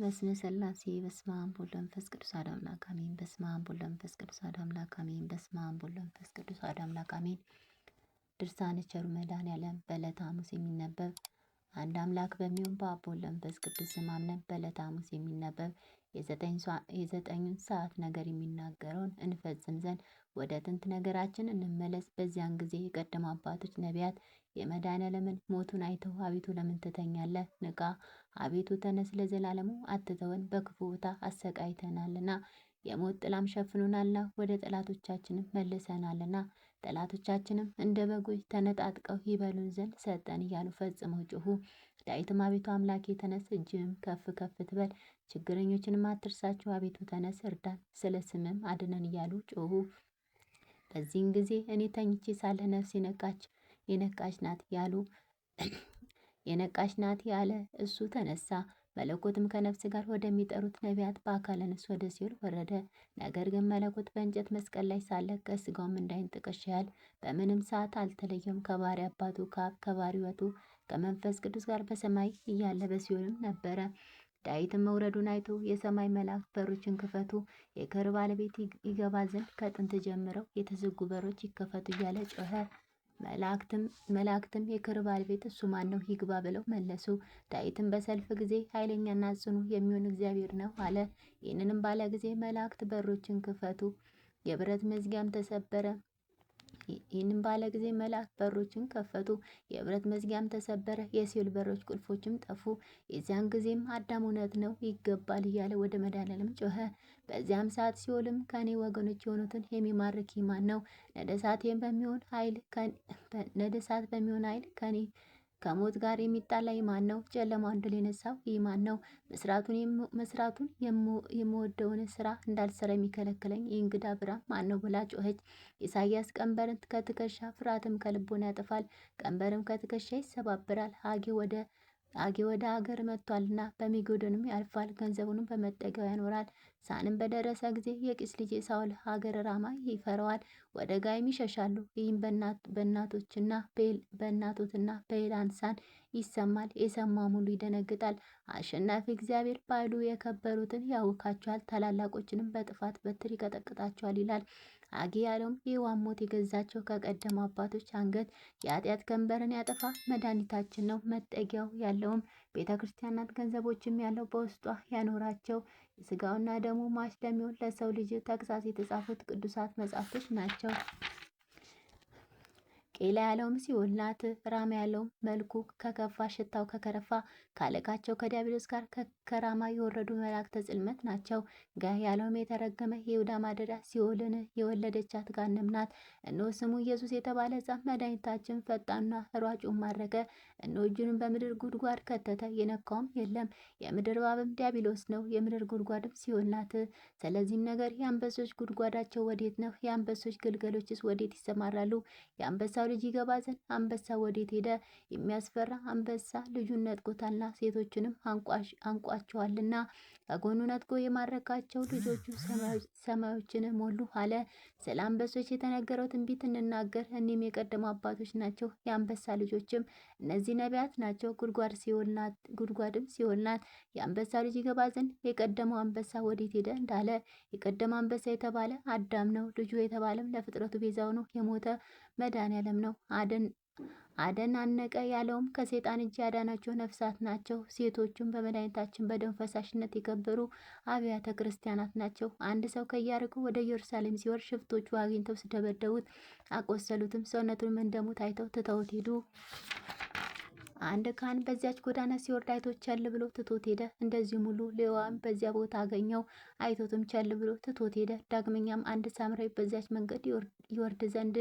በስመ ሥላሴ በስመ አብ ወወልድ ወመንፈስ ቅዱስ አሐዱ አምላክ አሜን። በስመ አብ ወወልድ ወመንፈስ ቅዱስ አሐዱ አምላክ አሜን። በስመ አብ ወወልድ ወመንፈስ ቅዱስ አሐዱ አምላክ አሜን። ድርሳነ ቸሩ መድኃኔዓለም በዕለተ ሐሙስ የሚነበብ አንድ አምላክ በሚሆን በአብ ወወልድ ወመንፈስ ቅዱስ ስም አምነን በዕለተ ሐሙስ የሚነበብ የዘጠኙን ሰዓት ነገር የሚናገረውን እንፈጽም ዘንድ ወደ ጥንት ነገራችን እንመለስ። በዚያን ጊዜ የቀደሙ አባቶች ነቢያት የመድኃኔዓለምን ሞቱን አይተው አቤቱ ለምን ትተኛለህ? ንቃ አቤቱ ተነስ ለዘላለሙ አትተወን፣ በክፉ ቦታ አሰቃይተናልና፣ የሞት ጥላም ሸፍኑናልና፣ ወደ ጠላቶቻችንም መልሰናልና፣ ጠላቶቻችንም እንደ በጎች ተነጣጥቀው ይበሉን ዘንድ ሰጠን እያሉ ፈጽመው ጮኹ። ዳዊትም አቤቱ አምላኬ ተነስ፣ እጅህም ከፍ ከፍ ትበል፣ ችግረኞችንም አትርሳቸው፣ አቤቱ ተነስ እርዳን፣ ስለ ስምም አድነን እያሉ ጮኹ። በዚህን ጊዜ እኔ ተኝቼ ሳለህ ነፍስ የነቃች የነቃች ናት ያሉ የነቃሽ ናት ያለ እሱ ተነሳ። መለኮትም ከነፍስ ጋር ወደሚጠሩት ነቢያት በአካለ ነፍስ ወደ ሲኦል ወረደ። ነገር ግን መለኮት በእንጨት መስቀል ላይ ሳለ ከስጋውም እንዳይንጥቀሽ ያህል በምንም ሰዓት አልተለየም። ከባሪ አባቱ ከአብ ከባሕሪ ከመንፈስ ቅዱስ ጋር በሰማይ እያለ በሲኦልም ነበረ። ዳዊትም መውረዱን አይቶ የሰማይ መላእክት በሮችን ክፈቱ፣ የክብር ባለቤት ይገባ ዘንድ ከጥንት ጀምረው የተዘጉ በሮች ይከፈቱ እያለ ጮኸ። መላእክትም የክብር ባለቤት እሱ ማን ነው? ይግባ ብለው መለሱ። ዳዊትም በሰልፍ ጊዜ ኃይለኛና ጽኑ የሚሆን እግዚአብሔር ነው አለ። ይህንንም ባለ ጊዜ መላእክት በሮችን ክፈቱ፣ የብረት መዝጊያም ተሰበረ። ይህንም ባለ ጊዜ መላእክት በሮችን ከፈቱ፣ የብረት መዝጊያም ተሰበረ፣ የሲኦል በሮች ቁልፎችም ጠፉ። የዚያን ጊዜም አዳም እውነት ነው ይገባል እያለ ወደ መድኃኔዓለም ጮኸ። በዚያም ሰዓት ሲኦልም ከእኔ ወገኖች የሆኑትን የሚማርክ ይማን ነው ነደሳት በሚሆን ኃይል ከኔ ከሞት ጋር የሚጣላ ይማን ነው። ጨለማው እንድል የነሳው ይማን ነው። መስራቱን የምወደውን ስራ እንዳልሰራ የሚከለክለኝ የእንግዳ ብራ ማን ነው ብላ ጮኸች። ኢሳያስ ቀንበርን ከትከሻ ፍርሃትም ከልቦና ያጠፋል፣ ቀንበርም ከትከሻ ይሰባብራል። ሀጌ ወደ አጌ ወደ አገር መጥቷልና በሚጎደንም ያልፋል፣ ገንዘቡንም በመጠጊያው ያኖራል። ሳንም በደረሰ ጊዜ የቂስ ልጅ ሳውል ሀገር ራማ ይፈረዋል ወደ ጋይም ይሸሻሉ። ይህም በእናቶችና በእናቶትና በኤላን ሳን ይሰማል። የሰማ ሙሉ ይደነግጣል። አሸናፊ እግዚአብሔር ባይሉ የከበሩትን ያውካቸዋል፣ ታላላቆችንም በጥፋት በትር ይቀጠቅጣቸዋል ይላል። አጊ ያለውም ሞት የገዛቸው ከቀደሙ አባቶች አንገት የኃጢአት ቀንበርን ያጠፋ መድኃኒታችን ነው። መጠጊያው ያለውም ቤተ ክርስቲያናት ገንዘቦችም ያለው በውስጧ ያኖራቸው ስጋውና ደሙ ማሽለሚውን ለሰው ልጅ ተግሳጽ የተጻፉት ቅዱሳት መጻሕፍቶች ናቸው። ቄላ ያለውም ሲሆን ናት። ራማ ያለውም መልኩ ከከፋ ሽታው ከከረፋ ካለቃቸው ከዲያብሎስ ጋር ከራማ የወረዱ መላእክተ ጽልመት ናቸው። ጋ ያለውም የተረገመ የይሁዳ ማደሪያ ሲኦልን የወለደቻት ጋንም ናት። እነሆ ስሙ ኢየሱስ የተባለ ሕፃን መድኃኒታችን ፈጣንና ሯጩን ማረከ። እነሆ እጁንም በምድር ጉድጓድ ከተተ፣ የነካውም የለም። የምድር እባብም ዲያብሎስ ነው፣ የምድር ጉድጓድም ሲኦል ናት። ስለዚህም ነገር የአንበሶች ጉድጓዳቸው ወዴት ነው? የአንበሶች ግልገሎችስ ወዴት ይሰማራሉ? የአንበሳው ልጅ ይገባ ዘንድ አንበሳ ወዴት ሄደ? የሚያስፈራ አንበሳ ልጁን ነጥቆታልና ሴቶችንም አንቋቸዋልና ከጎኑ ነጥቆ የማረካቸው ልጆቹ ሰማዮችን ሞሉ አለ። ስለ አንበሶች የተነገረው ትንቢት እንናገር። እኒህም የቀደሙ አባቶች ናቸው። የአንበሳ ልጆችም እነዚህ ነቢያት ናቸው። ጉድጓድ ሲሆናት ጉድጓድም ሲሆናት የአንበሳ ልጅ ይገባ ዘንድ የቀደመው አንበሳ ወዴት ሄደ እንዳለ የቀደመ አንበሳ የተባለ አዳም ነው። ልጁ የተባለም ለፍጥረቱ ቤዛው ነው። የሞተ መድኃኔዓለም ነው። አደን አደናነቀ ያለውም ከሴጣን እጅ ያዳናቸው ነፍሳት ናቸው። ሴቶቹም በመድኃኒታችን በደም ፈሳሽነት የከበሩ አብያተ ክርስቲያናት ናቸው። አንድ ሰው ከኢያሪኮ ወደ ኢየሩሳሌም ሲወርድ ሽፍቶቹ አግኝተው ሲደበደቡት አቆሰሉትም። ሰውነቱንም እንደሙት አይተው ትተውት ሄዱ። አንድ ካህን በዚያች ጎዳና ሲወርድ አይቶ ቸል ብሎ ትቶት ሄደ። እንደዚህ ሙሉ ሌዋም በዚያ ቦታ አገኘው፣ አይቶትም ቸል ብሎ ትቶት ሄደ። ዳግመኛም አንድ ሳምራዊ በዚያች መንገድ ይወርድ ዘንድ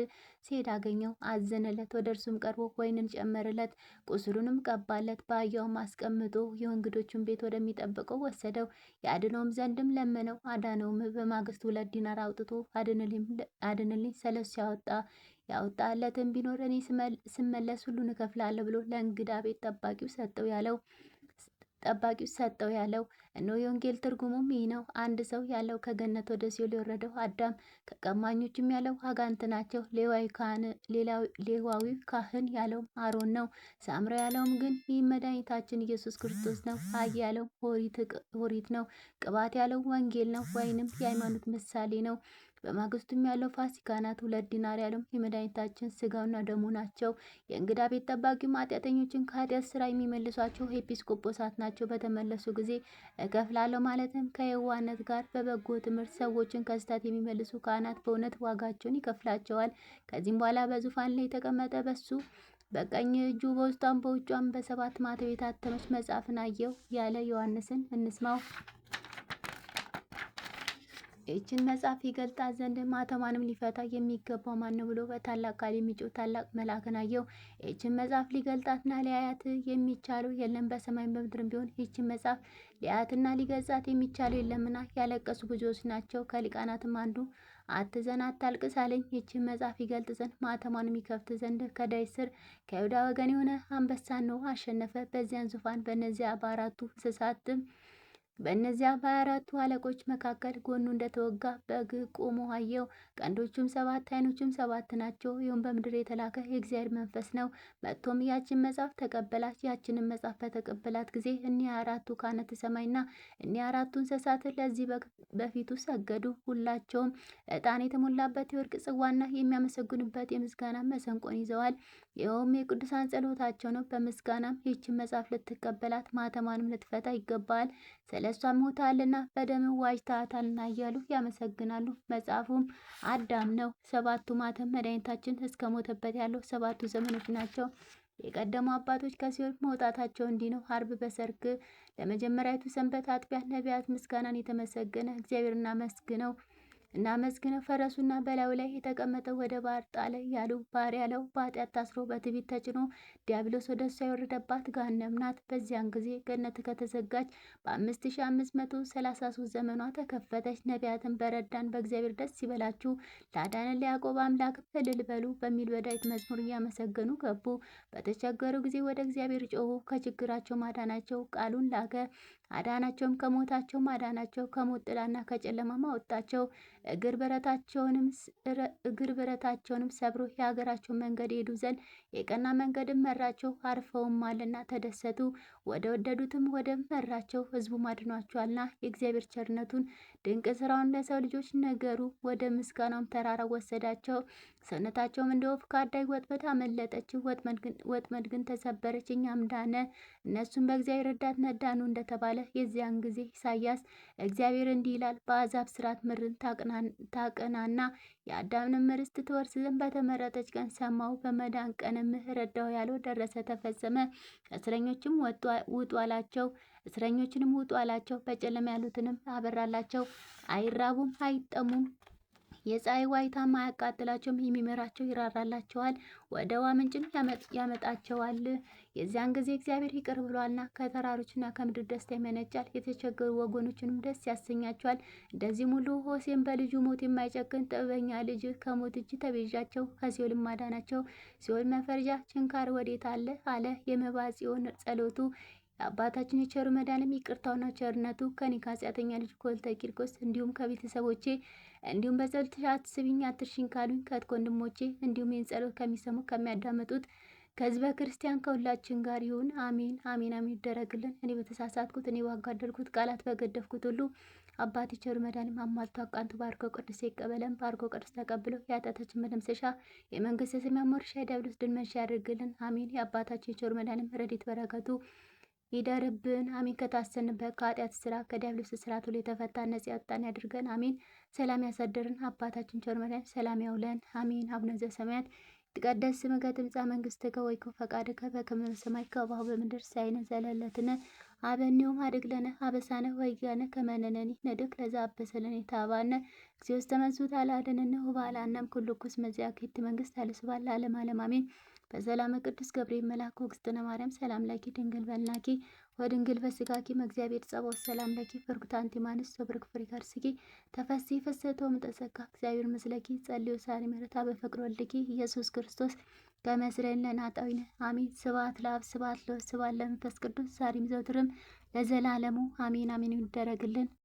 ሲሄድ አገኘው፣ አዘነለት። ወደ እርሱም ቀርቦ ወይንን ጨመረለት፣ ቁስሉንም ቀባለት። በአህያውም አስቀምጦ የእንግዶቹን ቤት ወደሚጠብቀው ወሰደው፣ የአድነውም ዘንድም ለመነው፣ አዳነውም። በማግስቱ ሁለት ዲናር አውጥቶ አድንልኝ ሰለስ ሲያወጣ ያወጣለትን ቢኖር እኔ ስመለስ ሁሉን እከፍላለሁ ብሎ ለእንግዳ ቤት ጠባቂው ሰጠው ያለው ጠባቂው ሰጠው ያለው እነሆ የወንጌል ትርጉሙም ይህ ነው። አንድ ሰው ያለው ከገነት ወደ ሲኦል የወረደው አዳም፣ ከቀማኞችም ያለው አጋንንት ናቸው። ሌዋዊ ካህን ያለው አሮን ነው። ሳምራ ያለውም ግን ይህ መድኃኒታችን ኢየሱስ ክርስቶስ ነው። አይ ያለው ሆሪት ነው። ቅባት ያለው ወንጌል ነው፣ ወይንም የሃይማኖት ምሳሌ ነው። በማግስቱም ያለው ፋሲካ ናት። ሁለት ዲናር ያለው የመድኃኒታችን ስጋውና ደሙ ናቸው። የእንግዳ ቤት ጠባቂውም ኃጢአተኞችን ከኃጢአት ስራ የሚመልሷቸው ኤጲስቆጶሳት ናቸው። በተመለሱ ጊዜ እከፍላለሁ ማለትም ከየዋነት ጋር በበጎ ትምህርት ሰዎችን ከስታት የሚመልሱ ካህናት በእውነት ዋጋቸውን ይከፍላቸዋል። ከዚህም በኋላ በዙፋን ላይ የተቀመጠ በሱ በቀኝ እጁ በውስጧም በውጯም በሰባት ማተብ የታተመች መጽሐፍን አየሁ ያለ ዮሐንስን እንስማው። ይችን መጽሐፍ ይገልጣት ዘንድ ማተሟንም ሊፈታ የሚገባው ማን ነው ብሎ በታላቅ ቃል የሚጮህ ታላቅ መልአክን አየሁ። ይችን መጽሐፍ ሊገልጣትና ሊያያት የሚቻለው የለም፣ በሰማይም በምድርም ቢሆን ይችን መጽሐፍ ሊያያትና ሊገልጻት የሚቻለው የለምና ያለቀሱ ብዙዎች ናቸው። ከሊቃናትም አንዱ አትዘን አታልቅስ አለኝ። ይችን መጽሐፍ ይገልጥ ዘንድ ማተሟንም ይከፍት ዘንድ ከዳዊት ስር ከይሁዳ ወገን የሆነ አንበሳን ነው አሸነፈ። በዚያን ዙፋን በእነዚያ በአራቱ እንስሳትም በእነዚያ በአራቱ አለቆች መካከል ጎኑ እንደተወጋ በግ ቆሞ አየው። ቀንዶቹም ሰባት አይኖቹም ሰባት ናቸው። ይሁን በምድር የተላከ የእግዚአብሔር መንፈስ ነው። መጥቶም ያችን መጽሐፍ ተቀበላች። ያችንን መጽሐፍ በተቀበላት ጊዜ እኒህ አራቱ ካህናተ ሰማይና እኒህ አራቱ እንስሳት ለዚህ በፊቱ ሰገዱ። ሁላቸውም ዕጣን የተሞላበት የወርቅ ጽዋና የሚያመሰግኑበት የምስጋና መሰንቆን ይዘዋል። ይኸውም የቅዱሳን ጸሎታቸው ነው። በምስጋናም ይህችን መጽሐፍ ልትቀበላት ማተማንም ልትፈታ ይገባል። ስለ ለእሷ ሞታልና በደም ዋጅታታልና እያሉ ያመሰግናሉ። መጽሐፉም አዳም ነው። ሰባቱ ማተም መድኃኒታችን እስከ ሞተበት ያለው ሰባቱ ዘመኖች ናቸው። የቀደሙ አባቶች ከሲኦል መውጣታቸው እንዲህ ነው። አርብ በሰርክ ለመጀመሪያዊቱ ሰንበት አጥቢያ ነቢያት ምስጋናን የተመሰገነ እግዚአብሔርና መስግ ነው። እና መዝግነው ፈረሱና በላዩ ላይ የተቀመጠው ወደ ባህር ጣለ ያሉ ባህር ያለው በኃጢአት ታስሮ በትቢት ተጭኖ ዲያብሎስ ወደ እሷ የወረደባት ገሃነም ናት። በዚያን ጊዜ ገነት ከተዘጋች በአምስት ሺ አምስት መቶ ሰላሳ ሶስት ዘመኗ ተከፈተች። ነቢያትን በረዳን በእግዚአብሔር ደስ ይበላችሁ ላዳንን ለያዕቆብ አምላክ እልል በሉ በሚል በዳዊት መዝሙር እያመሰገኑ ገቡ። በተቸገሩ ጊዜ ወደ እግዚአብሔር ጮሁ፣ ከችግራቸው ማዳናቸው ቃሉን ላከ። አዳናቸውም ከሞታቸውም አዳናቸው ከሞት ጥላና ከጨለማም አወጣቸው። እግር ብረታቸውንም ሰብሮ የሀገራቸውን መንገድ ሄዱ ዘንድ የቀና መንገድም መራቸው። አርፈውማልና ተደሰቱ። ወደ ወደዱትም ወደ መራቸው ህዝቡ አድኗቸዋልና የእግዚአብሔር ቸርነቱን ድንቅ ስራውን ለሰው ልጆች ነገሩ። ወደ ምስጋናውም ተራራ ወሰዳቸው። ሰውነታቸውም እንደ ወፍ ከአዳኝ ወጥመድ አመለጠች። ወጥመድ ግን ተሰበረች፣ እኛም ዳነ። እነሱም በእግዚአብሔር ዳት መዳኑ እንደተባለ የዚያን ጊዜ ኢሳያስ እግዚአብሔር እንዲህ ይላል፣ በአሕዛብ ስርዓት ምድርን ታቅናና የአዳምንም ርስት ትወርስ ዘንድ በተመረጠች ቀን ሰማሁ። በመዳን ቀንም ረዳሁ ያለው ደረሰ፣ ተፈጸመ። እስረኞችም ውጡ አላቸው። እስረኞችንም ውጡ አላቸው። በጨለማ ያሉትንም አበራላቸው። አይራቡም፣ አይጠሙም። የፀሐይ ዋይታም አያቃጥላቸውም፣ የሚመራቸው ይራራላቸዋል፣ ወደ ውሃ ምንጭም ያመጣቸዋል። የዚያን ጊዜ እግዚአብሔር ይቅር ብሏልና ከተራሮችና ከምድር ደስታ ይመነጫል፣ የተቸገሩ ወገኖችንም ደስ ያሰኛቸዋል። እንደዚህም ሁሉ ሆሴም በልጁ ሞት የማይጨክን ጥበበኛ ልጅ ከሞት እጅ ተቤዣቸው፣ ከሲኦል ማዳናቸው። ሲኦል መፈርጃ ችንካር ወዴት አለ አለ የመባ ጽዮን ጸሎቱ አባታችን የቸሩ መድኃኔዓለም ይቅርታውና ቸርነቱ ከኔ ከኃጢአተኛ ልጅ ኮልተ ቂርቆስ እንዲሁም ከቤተሰቦቼ እንዲሁም በጸሎትሽ አትስቢኝ አትርሽኝ ካሉኝ ከት ወንድሞቼ እንዲሁም ይህን ጸሎት ከሚሰሙ ከሚያዳመጡት ከህዝበ ክርስቲያን ከሁላችን ጋር ይሁን። አሜን አሜን አሜን ይደረግልን። እኔ በተሳሳትኩት እኔ ባጋደልኩት ቃላት በገደፍኩት ሁሉ አባት ቸሩ መድኃኔዓለም አሟልቶ አቃንቱ ባርኮ ቅዱስ ይቀበለን። ባርኮ ቅዱስ ተቀብሎ የአጣታችን መደምሰሻ የመንግስት ሰማያት መውረሻ የዲያብሎስ ድል መንሻ ያደርግልን። አሜን። የአባታችን ቸሩ መድኃኔዓለም ረድኤት በረከቱ ይደርብን። አሚን። ከታሰንበት ከኃጢአት ስራ ከዲያብሎስ ስርዓት ሁሉ የተፈታ ነጻ ያወጣን ያድርገን። አሚን። ሰላም ያሳደርን አባታችን ቸር መድኃኒት ሰላም ያውለን። አሚን። አቡነ ዘበሰማያት ይትቀደስ ስምከ ትምጻእ መንግሥትከ ወይኩን ፈቃድከ በከመ በሰማይ ከበአሁ በምድር ሲሳየነ ዘለለዕለትነ ሀበነ ዮም ኀድግ ለነ አበሳነ ወጌጋነ ከመ ንሕነኒ ንኅድግ ለዘአበሰ ታባነ እግዚኦ ውስተ መንሱት አለ አድኅነነ ወባልሐናም ኩሉ ኩስ መዚአክት መንግሥት አልስባል ለዓለመ ዓለም አሜን። በሰላም ቅዱስ ገብርኤል መላኩ ወግዝእትነ ማርያም ሰላም ለኪ ድንግል በልናኪ ወድንግል በስጋኪ መግዚአብሔር ጸባኦት ሰላም ላኪ ፍርጉታ ማንስ ሶብርክ ፍሪካር ስኪ ተፈሲ ፈሰቶ ምጠሰካ እግዚአብሔር ምስለኪ ጸልዩ ሳሪ መረታ በፈቅሮ ወልድኪ ኢየሱስ ክርስቶስ ከመስረን ለናጣዊነ አሜን። ስብሐት ለአብ ስብሐት ለወልድ ስብሐት ለመንፈስ ቅዱስ ዛሬም ዘውትርም ለዘላለሙ አሜን አሜን ይደረግልን።